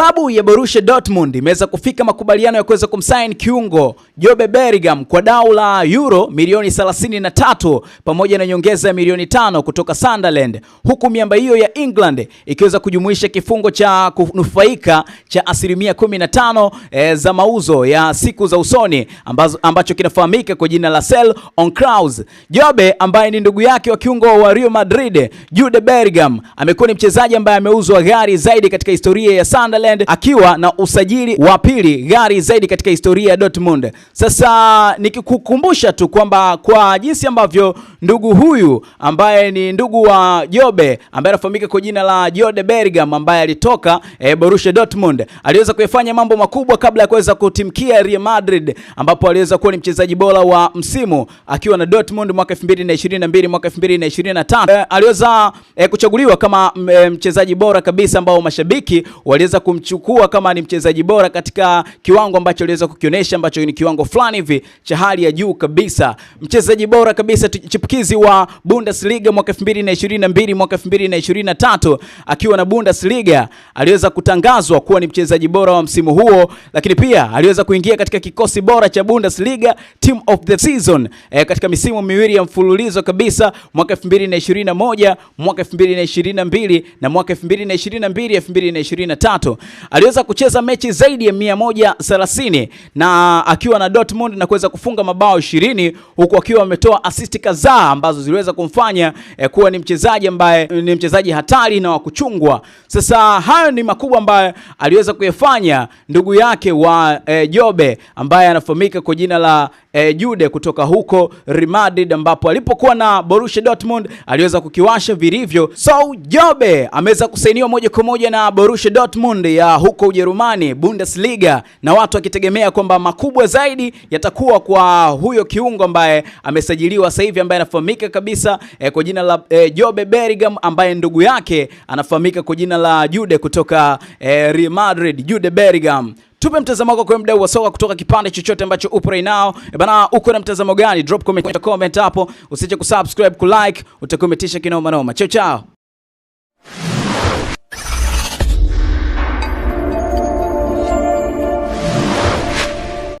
Klabu ya Borussia Dortmund imeweza kufika makubaliano ya kuweza kumsign kiungo Jobe Bellingham kwa dau la euro milioni 33 pamoja na nyongeza ya milioni tano kutoka Sunderland, huku miamba hiyo ya England ikiweza kujumuisha kifungo cha kunufaika cha asilimia 15 e, eh, za mauzo ya siku za usoni ambazo, ambacho kinafahamika kwa jina la Sell on Clause. Jobe ambaye ni ndugu yake wa kiungo wa Real Madrid Jude Bellingham amekuwa ni mchezaji ambaye ameuzwa ghali zaidi katika historia ya Sunderland Haaland akiwa na usajili wa pili gari zaidi katika historia ya Dortmund. Sasa nikikukumbusha tu kwamba kwa jinsi ambavyo ndugu huyu ambaye ni ndugu wa Jobe ambaye anafahamika kwa jina la Jode Bellingham ambaye alitoka e, Borussia Dortmund aliweza kuifanya mambo makubwa kabla ya kuweza kutimkia Real Madrid ambapo aliweza kuwa ni mchezaji bora wa msimu akiwa na Dortmund mwaka 2022 mwaka 2023 e, eh, aliweza e, kuchaguliwa kama mm, mchezaji bora kabisa ambao mashabiki waliweza kum kumchukua kama ni mchezaji bora katika kiwango ambacho aliweza kukionyesha ambacho ni kiwango fulani hivi cha hali ya juu kabisa. Mchezaji bora kabisa chipukizi wa Bundesliga mwaka 2022 mwaka 2023 akiwa na Bundesliga aliweza kutangazwa kuwa ni mchezaji bora wa msimu huo, lakini pia aliweza kuingia katika kikosi bora cha Bundesliga team of the season e, katika misimu miwili ya mfululizo kabisa mwaka 2021 mwaka 2022 na mwaka 2022 2023 aliweza kucheza mechi zaidi ya 130 na akiwa na Dortmund na kuweza kufunga mabao 20 huku akiwa ametoa assist kadhaa ambazo ziliweza kumfanya eh, kuwa ni mchezaji ambaye ni mchezaji hatari na wa kuchungwa. Sasa hayo ni makubwa ambayo aliweza kuyafanya ndugu yake wa eh, Jobe ambaye anafahamika kwa jina la e, Jude kutoka huko Real Madrid ambapo alipokuwa na Borussia Dortmund aliweza kukiwasha vilivyo. So Jobe ameweza kusainiwa moja kwa moja na Borussia Dortmund ya huko Ujerumani Bundesliga, na watu wakitegemea kwamba makubwa zaidi yatakuwa kwa huyo kiungo ambaye amesajiliwa sasa hivi ambaye anafahamika kabisa e, kwa jina la e, Jobe Bellingham ambaye ndugu yake anafahamika kwa jina la Jude kutoka e, Real Madrid Jude Bellingham. Tupe mtazamo wako kwa mdau wa soka kutoka kipande chochote ambacho upo right now. E bana, uko na mtazamo gani? Drop comment hapo, usije kusubscribe, kulike, utakometisha kinoma noma. Chao chao.